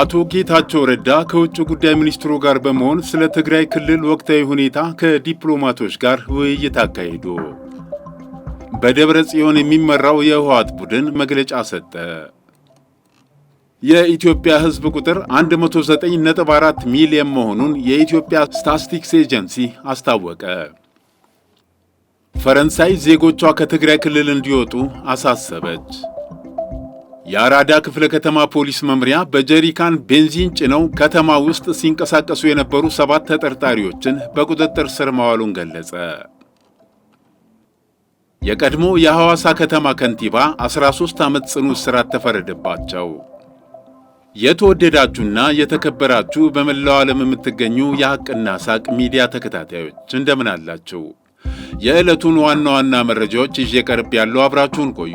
አቶ ጌታቸው ረዳ ከውጭ ጉዳይ ሚኒስትሩ ጋር በመሆን ስለ ትግራይ ክልል ወቅታዊ ሁኔታ ከዲፕሎማቶች ጋር ውይይት አካሂዱ። በደብረ ጽዮን የሚመራው የህወሓት ቡድን መግለጫ ሰጠ። የኢትዮጵያ ህዝብ ቁጥር 194 ሚሊዮን መሆኑን የኢትዮጵያ ስታስቲክስ ኤጀንሲ አስታወቀ። ፈረንሳይ ዜጎቿ ከትግራይ ክልል እንዲወጡ አሳሰበች። የአራዳ ክፍለ ከተማ ፖሊስ መምሪያ በጀሪካን ቤንዚን ጭነው ከተማ ውስጥ ሲንቀሳቀሱ የነበሩ ሰባት ተጠርጣሪዎችን በቁጥጥር ስር መዋሉን ገለጸ። የቀድሞ የሐዋሳ ከተማ ከንቲባ 13 ዓመት ጽኑ እስራት ተፈረደባቸው። የተወደዳችሁና የተከበራችሁ በመላው ዓለም የምትገኙ የሐቅና ሳቅ ሚዲያ ተከታታዮች እንደምን አላችሁ? የዕለቱን ዋና ዋና መረጃዎች ይዤ ቀርብ ያለው አብራችሁን ቆዩ።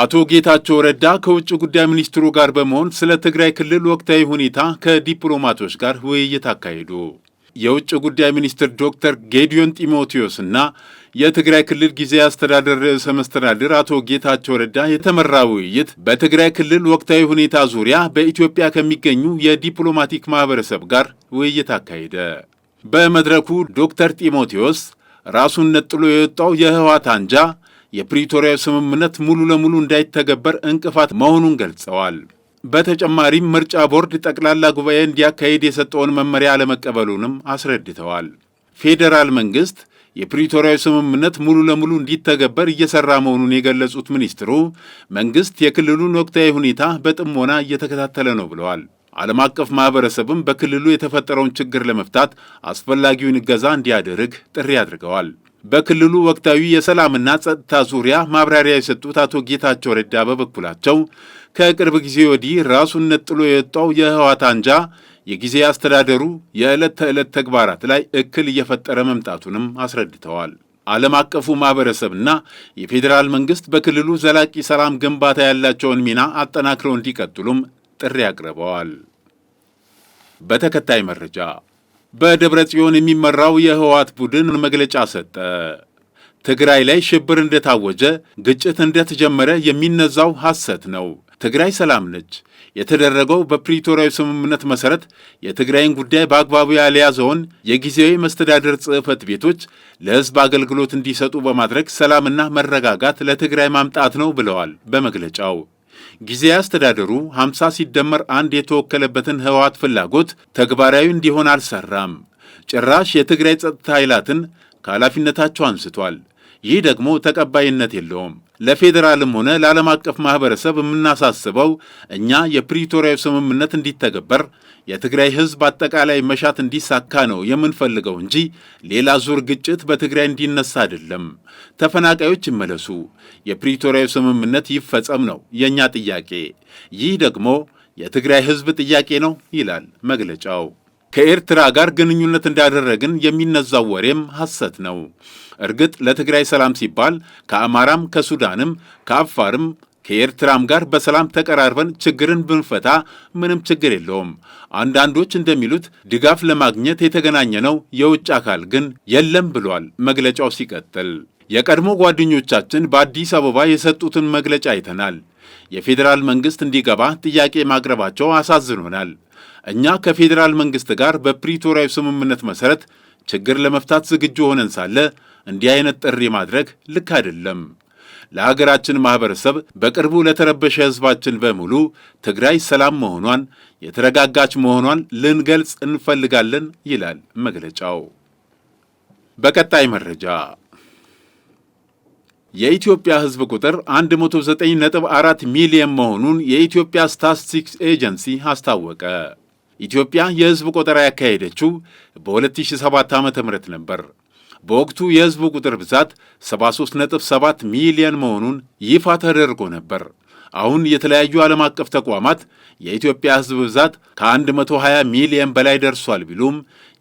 አቶ ጌታቸው ረዳ ከውጭ ጉዳይ ሚኒስትሩ ጋር በመሆን ስለ ትግራይ ክልል ወቅታዊ ሁኔታ ከዲፕሎማቶች ጋር ውይይት አካሄዱ። የውጭ ጉዳይ ሚኒስትር ዶክተር ጌዲዮን ጢሞቴዎስ እና የትግራይ ክልል ጊዜ አስተዳደር ርዕሰ መስተዳድር አቶ ጌታቸው ረዳ የተመራ ውይይት በትግራይ ክልል ወቅታዊ ሁኔታ ዙሪያ በኢትዮጵያ ከሚገኙ የዲፕሎማቲክ ማህበረሰብ ጋር ውይይት አካሄደ። በመድረኩ ዶክተር ጢሞቴዎስ ራሱን ነጥሎ የወጣው የህወሓት አንጃ የፕሪቶሪያ ስምምነት ሙሉ ለሙሉ እንዳይተገበር እንቅፋት መሆኑን ገልጸዋል። በተጨማሪም ምርጫ ቦርድ ጠቅላላ ጉባኤ እንዲያካሄድ የሰጠውን መመሪያ አለመቀበሉንም አስረድተዋል። ፌዴራል መንግስት የፕሪቶሪያዊ ስምምነት ሙሉ ለሙሉ እንዲተገበር እየሰራ መሆኑን የገለጹት ሚኒስትሩ መንግስት የክልሉን ወቅታዊ ሁኔታ በጥሞና እየተከታተለ ነው ብለዋል። ዓለም አቀፍ ማኅበረሰብም በክልሉ የተፈጠረውን ችግር ለመፍታት አስፈላጊውን እገዛ እንዲያደርግ ጥሪ አድርገዋል። በክልሉ ወቅታዊ የሰላምና ጸጥታ ዙሪያ ማብራሪያ የሰጡት አቶ ጌታቸው ረዳ በበኩላቸው ከቅርብ ጊዜ ወዲህ ራሱን ነጥሎ የወጣው የህወሓት አንጃ የጊዜ አስተዳደሩ የዕለት ተዕለት ተግባራት ላይ እክል እየፈጠረ መምጣቱንም አስረድተዋል። ዓለም አቀፉ ማኅበረሰብና የፌዴራል መንግሥት በክልሉ ዘላቂ ሰላም ግንባታ ያላቸውን ሚና አጠናክረው እንዲቀጥሉም ጥሪ አቅርበዋል። በተከታይ መረጃ በደብረ ጽዮን የሚመራው የህወሓት ቡድን መግለጫ ሰጠ። ትግራይ ላይ ሽብር እንደታወጀ፣ ግጭት እንደተጀመረ የሚነዛው ሐሰት ነው። ትግራይ ሰላም ነች። የተደረገው በፕሪቶሪያዊ ስምምነት መሠረት የትግራይን ጉዳይ በአግባቡ ያልያዘውን የጊዜያዊ መስተዳደር ጽሕፈት ቤቶች ለሕዝብ አገልግሎት እንዲሰጡ በማድረግ ሰላምና መረጋጋት ለትግራይ ማምጣት ነው ብለዋል በመግለጫው። ጊዜያዊ አስተዳደሩ 50 ሲደመር አንድ የተወከለበትን ህወሓት ፍላጎት ተግባራዊ እንዲሆን አልሰራም። ጭራሽ የትግራይ ጸጥታ ኃይላትን ከኃላፊነታቸው አንስቷል። ይህ ደግሞ ተቀባይነት የለውም። ለፌዴራልም ሆነ ለዓለም አቀፍ ማህበረሰብ የምናሳስበው እኛ የፕሪቶሪያው ስምምነት እንዲተገበር የትግራይ ህዝብ አጠቃላይ መሻት እንዲሳካ ነው የምንፈልገው እንጂ ሌላ ዙር ግጭት በትግራይ እንዲነሳ አይደለም። ተፈናቃዮች ይመለሱ፣ የፕሪቶሪያው ስምምነት ይፈጸም ነው የእኛ ጥያቄ። ይህ ደግሞ የትግራይ ህዝብ ጥያቄ ነው ይላል መግለጫው። ከኤርትራ ጋር ግንኙነት እንዳደረግን የሚነዛው ወሬም ሐሰት ነው። እርግጥ ለትግራይ ሰላም ሲባል ከአማራም ከሱዳንም ከአፋርም ከኤርትራም ጋር በሰላም ተቀራርበን ችግርን ብንፈታ ምንም ችግር የለውም። አንዳንዶች እንደሚሉት ድጋፍ ለማግኘት የተገናኘነው የውጭ አካል ግን የለም ብሏል መግለጫው ሲቀጥል። የቀድሞ ጓደኞቻችን በአዲስ አበባ የሰጡትን መግለጫ አይተናል። የፌዴራል መንግስት እንዲገባ ጥያቄ ማቅረባቸው አሳዝኖናል። እኛ ከፌዴራል መንግስት ጋር በፕሪቶሪያዊ ስምምነት መሰረት ችግር ለመፍታት ዝግጁ ሆነን ሳለ እንዲህ አይነት ጥሪ ማድረግ ልክ አይደለም። ለሀገራችን ማኅበረሰብ በቅርቡ ለተረበሸ ሕዝባችን በሙሉ ትግራይ ሰላም መሆኗን የተረጋጋች መሆኗን ልንገልጽ እንፈልጋለን ይላል መግለጫው። በቀጣይ መረጃ የኢትዮጵያ ሕዝብ ቁጥር 109.4 ሚሊዮን መሆኑን የኢትዮጵያ ስታትስቲክስ ኤጀንሲ አስታወቀ። ኢትዮጵያ የሕዝብ ቆጠራ ያካሄደችው በ2007 ዓ ም ነበር። በወቅቱ የህዝብ ቁጥር ብዛት 73.7 ሚሊዮን መሆኑን ይፋ ተደርጎ ነበር። አሁን የተለያዩ ዓለም አቀፍ ተቋማት የኢትዮጵያ ሕዝብ ብዛት ከ120 ሚሊየን በላይ ደርሷል ቢሉም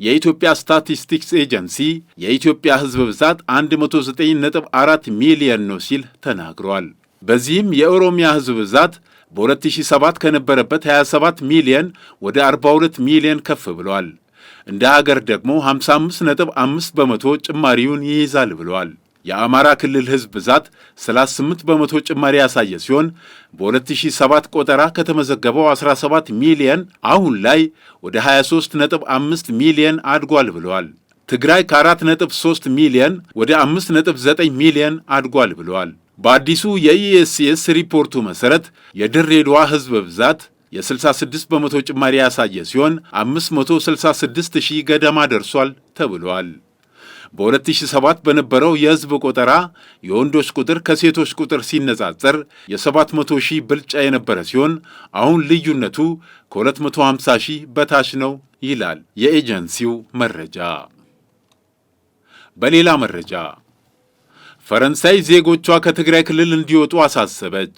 የኢትዮጵያ ስታቲስቲክስ ኤጀንሲ የኢትዮጵያ ሕዝብ ብዛት 194 ሚሊየን ነው ሲል ተናግሯል። በዚህም የኦሮሚያ ሕዝብ ብዛት በ2007 ከነበረበት 27 ሚሊየን ወደ 42 ሚሊየን ከፍ ብሏል። እንደ ሀገር ደግሞ 55.5 በመቶ ጭማሪውን ይይዛል ብለዋል። የአማራ ክልል ህዝብ ብዛት 38 በመቶ ጭማሪ ያሳየ ሲሆን በ2007 ቆጠራ ከተመዘገበው 17 ሚሊየን አሁን ላይ ወደ 23.5 ሚሊየን አድጓል ብለዋል። ትግራይ ከ4.3 ሚሊየን ወደ 5.9 ሚሊየን አድጓል ብለዋል። በአዲሱ የኢኤስኤስ ሪፖርቱ መሠረት የድሬዳዋ ህዝብ ብዛት የ66 በመቶ ጭማሪ ያሳየ ሲሆን 566 ሺህ ገደማ ደርሷል ተብሏል። በ2007 በነበረው የህዝብ ቆጠራ የወንዶች ቁጥር ከሴቶች ቁጥር ሲነጻጸር የ700 ሺህ ብልጫ የነበረ ሲሆን አሁን ልዩነቱ ከ250 ሺህ በታች ነው ይላል የኤጀንሲው መረጃ። በሌላ መረጃ ፈረንሳይ ዜጎቿ ከትግራይ ክልል እንዲወጡ አሳሰበች።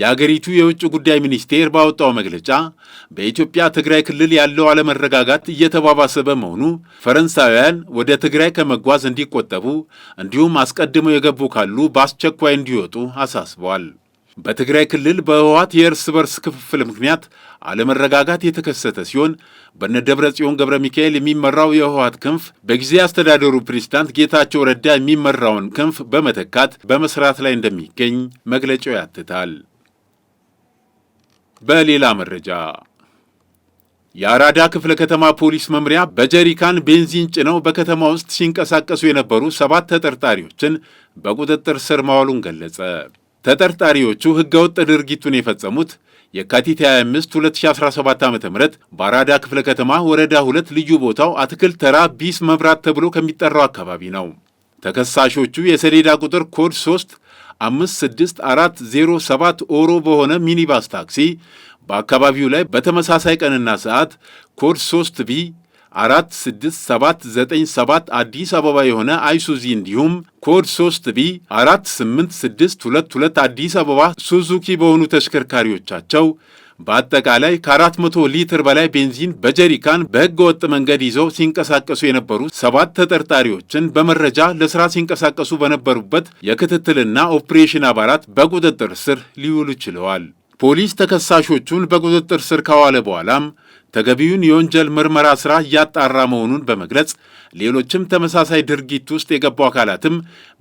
የአገሪቱ የውጭ ጉዳይ ሚኒስቴር ባወጣው መግለጫ በኢትዮጵያ ትግራይ ክልል ያለው አለመረጋጋት እየተባባሰ በመሆኑ ፈረንሳውያን ወደ ትግራይ ከመጓዝ እንዲቆጠቡ እንዲሁም አስቀድመው የገቡ ካሉ በአስቸኳይ እንዲወጡ አሳስበዋል። በትግራይ ክልል በህወሓት የእርስ በርስ ክፍፍል ምክንያት አለመረጋጋት የተከሰተ ሲሆን በነ ደብረ ጽዮን ገብረ ሚካኤል የሚመራው የህወሓት ክንፍ በጊዜ አስተዳደሩ ፕሬዝዳንት ጌታቸው ረዳ የሚመራውን ክንፍ በመተካት በመስራት ላይ እንደሚገኝ መግለጫው ያትታል። በሌላ መረጃ የአራዳ ክፍለ ከተማ ፖሊስ መምሪያ በጀሪካን ቤንዚን ጭነው በከተማ ውስጥ ሲንቀሳቀሱ የነበሩ ሰባት ተጠርጣሪዎችን በቁጥጥር ስር ማዋሉን ገለጸ። ተጠርጣሪዎቹ ሕገወጥ ድርጊቱን የፈጸሙት የካቲት 25 2017 ዓ ም በአራዳ ክፍለ ከተማ ወረዳ ሁለት ልዩ ቦታው አትክልት ተራ ቢስ መብራት ተብሎ ከሚጠራው አካባቢ ነው። ተከሳሾቹ የሰሌዳ ቁጥር ኮድ 3 56407 ኦሮ በሆነ ሚኒባስ ታክሲ በአካባቢው ላይ በተመሳሳይ ቀንና ሰዓት ኮድ 3 ቢ 46797 አዲስ አበባ የሆነ አይሱዚ እንዲሁም ኮድ 3 ቢ 48622 አዲስ አበባ ሱዙኪ በሆኑ ተሽከርካሪዎቻቸው በአጠቃላይ ከ400 ሊትር በላይ ቤንዚን በጀሪካን ወጥ መንገድ ይዘው ሲንቀሳቀሱ የነበሩ ሰባት ተጠርጣሪዎችን በመረጃ ለስራ ሲንቀሳቀሱ በነበሩበት የክትትልና ኦፕሬሽን አባላት በቁጥጥር ስር ሊውሉ ችለዋል። ፖሊስ ተከሳሾቹን በቁጥጥር ስር ካዋለ በኋላም ተገቢውን የወንጀል ምርመራ ሥራ እያጣራ መሆኑን በመግለጽ ሌሎችም ተመሳሳይ ድርጊት ውስጥ የገቡ አካላትም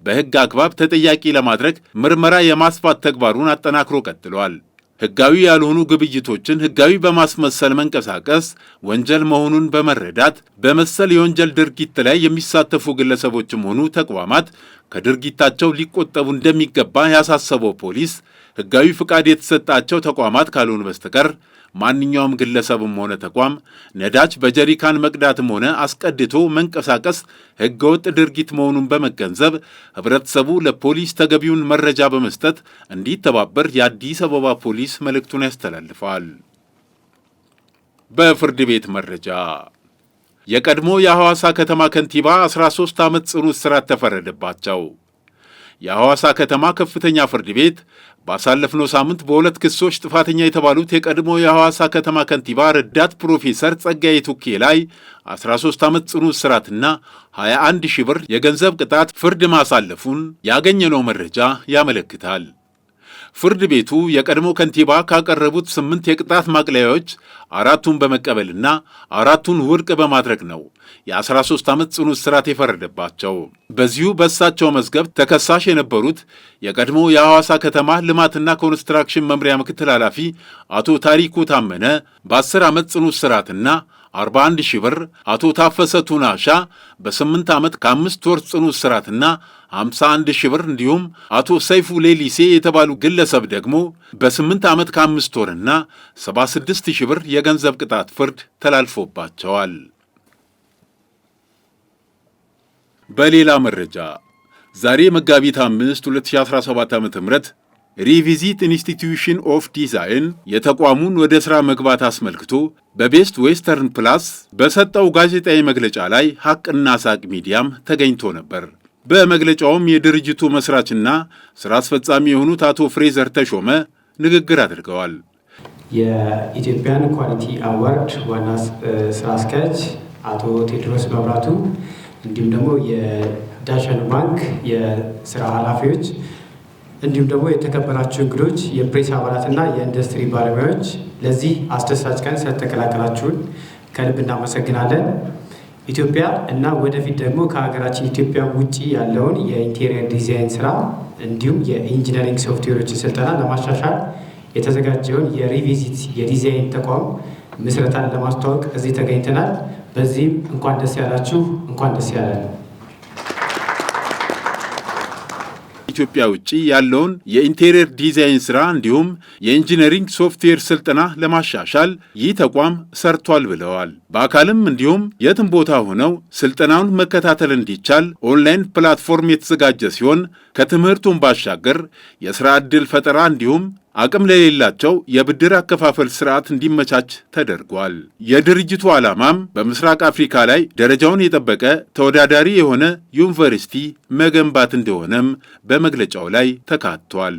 በሕግ አግባብ ተጠያቂ ለማድረግ ምርመራ የማስፋት ተግባሩን አጠናክሮ ቀጥሏል። ህጋዊ ያልሆኑ ግብይቶችን ህጋዊ በማስመሰል መንቀሳቀስ ወንጀል መሆኑን በመረዳት በመሰል የወንጀል ድርጊት ላይ የሚሳተፉ ግለሰቦችም ሆኑ ተቋማት ከድርጊታቸው ሊቆጠቡ እንደሚገባ ያሳሰበው ፖሊስ ህጋዊ ፍቃድ የተሰጣቸው ተቋማት ካልሆኑ በስተቀር ማንኛውም ግለሰብም ሆነ ተቋም ነዳጅ በጀሪካን መቅዳትም ሆነ አስቀድቶ መንቀሳቀስ ሕገወጥ ድርጊት መሆኑን በመገንዘብ ህብረተሰቡ ለፖሊስ ተገቢውን መረጃ በመስጠት እንዲተባበር የአዲስ አበባ ፖሊስ መልእክቱን ያስተላልፋል። በፍርድ ቤት መረጃ የቀድሞ የሐዋሳ ከተማ ከንቲባ 13 ዓመት ጽኑ እስራት ተፈረደባቸው። የሐዋሳ ከተማ ከፍተኛ ፍርድ ቤት ባሳለፍነው ሳምንት በሁለት ክሶች ጥፋተኛ የተባሉት የቀድሞ የሐዋሳ ከተማ ከንቲባ ረዳት ፕሮፌሰር ጸጋዬ ቱኬ ላይ 13 ዓመት ጽኑ እስራትና 21 ሺህ ብር የገንዘብ ቅጣት ፍርድ ማሳለፉን ያገኘነው መረጃ ያመለክታል። ፍርድ ቤቱ የቀድሞ ከንቲባ ካቀረቡት ስምንት የቅጣት ማቅለያዎች አራቱን በመቀበልና አራቱን ውድቅ በማድረግ ነው የ13 ዓመት ጽኑ እስራት የፈረደባቸው። በዚሁ በእሳቸው መዝገብ ተከሳሽ የነበሩት የቀድሞ የሐዋሳ ከተማ ልማትና ኮንስትራክሽን መምሪያ ምክትል ኃላፊ አቶ ታሪኩ ታመነ በ10 ዓመት ጽኑ እስራትና 41 ሺህ ብር፣ አቶ ታፈሰ ቱናሻ በ8 ዓመት ከአምስት ወር ጽኑ እስራትና 51 ሺህ ብር እንዲሁም አቶ ሰይፉ ሌሊሴ የተባሉ ግለሰብ ደግሞ በ8 ዓመት ከአምስት ወርና 76 ሺህ ብር የገንዘብ ቅጣት ፍርድ ተላልፎባቸዋል። በሌላ መረጃ ዛሬ መጋቢት 5 2017 ዓ.ም ሪቪዚት ኢንስቲትዩሽን ኦፍ ዲዛይን የተቋሙን ወደ ሥራ መግባት አስመልክቶ በቤስት ዌስተርን ፕላስ በሰጠው ጋዜጣዊ መግለጫ ላይ ሐቅና ሳቅ ሚዲያም ተገኝቶ ነበር። በመግለጫውም የድርጅቱ መስራችና ሥራ አስፈጻሚ የሆኑት አቶ ፍሬዘር ተሾመ ንግግር አድርገዋል። የኢትዮጵያን ኳሊቲ አዋርድ ዋና ስራ አስኪያጅ አቶ ቴድሮስ መብራቱ እንዲሁም ደግሞ የዳሸን ባንክ የሥራ ኃላፊዎች እንዲሁም ደግሞ የተከበራችሁ እንግዶች፣ የፕሬስ አባላትና የኢንዱስትሪ ባለሙያዎች ለዚህ አስደሳች ቀን ስለተቀላቀላችሁን ከልብ እናመሰግናለን። ኢትዮጵያ እና ወደፊት ደግሞ ከሀገራችን ኢትዮጵያ ውጭ ያለውን የኢንቴሪየር ዲዛይን ስራ እንዲሁም የኢንጂነሪንግ ሶፍትዌሮችን ስልጠና ለማሻሻል የተዘጋጀውን የሪቪዚት የዲዛይን ተቋም ምስረታን ለማስተዋወቅ እዚህ ተገኝተናል። በዚህም እንኳን ደስ ያላችሁ፣ እንኳን ደስ ያለን። ኢትዮጵያ ውጭ ያለውን የኢንቴሪየር ዲዛይን ስራ እንዲሁም የኢንጂነሪንግ ሶፍትዌር ስልጠና ለማሻሻል ይህ ተቋም ሰርቷል ብለዋል። በአካልም እንዲሁም የትም ቦታ ሆነው ስልጠናውን መከታተል እንዲቻል ኦንላይን ፕላትፎርም የተዘጋጀ ሲሆን ከትምህርቱን ባሻገር የስራ ዕድል ፈጠራ እንዲሁም አቅም ለሌላቸው የብድር አከፋፈል ስርዓት እንዲመቻች ተደርጓል። የድርጅቱ ዓላማም በምስራቅ አፍሪካ ላይ ደረጃውን የጠበቀ ተወዳዳሪ የሆነ ዩኒቨርሲቲ መገንባት እንደሆነም በመግለጫው ላይ ተካቷል።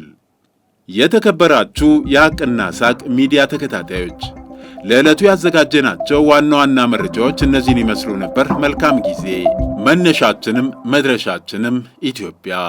የተከበራችሁ የሐቅና ሳቅ ሚዲያ ተከታታዮች ለዕለቱ ያዘጋጀናቸው ዋና ዋና መረጃዎች እነዚህን ይመስሉ ነበር። መልካም ጊዜ። መነሻችንም መድረሻችንም ኢትዮጵያ።